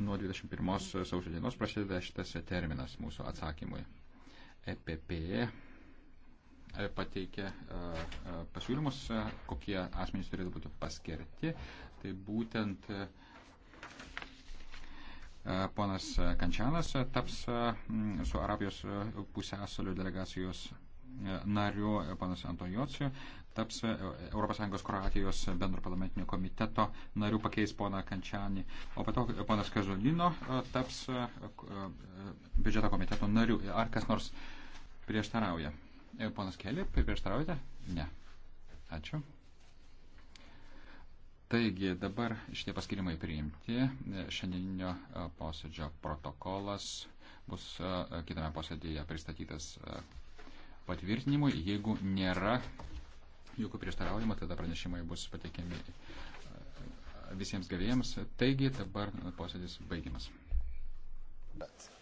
nuo 21 sausio dienos prasideda šitas terminas mūsų atsakymui. EPP e, pateikė e, e, pasiūlymus, kokie asmenys turėtų būti paskirti. Tai būtent ponas Kančianas taps su Arabijos pusėsalių delegacijos nariu, panas Antojociu, taps ES Kroatijos bendro parlamentinio komiteto narių pakeis pona Kančianį, o pato e, ponas Kazolino e, taps e, biudžeto komiteto nariu. Ar kas nors prieštarauja? Ponas Keli, prieštaraujate? Ne. Ačiū. Taigi dabar šitie paskirimai priimti. Šiandieninio posėdžio protokolas bus kitame posėdėje pristatytas patvirtinimui. Jeigu nėra jokių prieštaravimų, tada pranešimai bus pateikiami e, visiems gavėjams. Taigi dabar posėdis baigiamas. Grazie.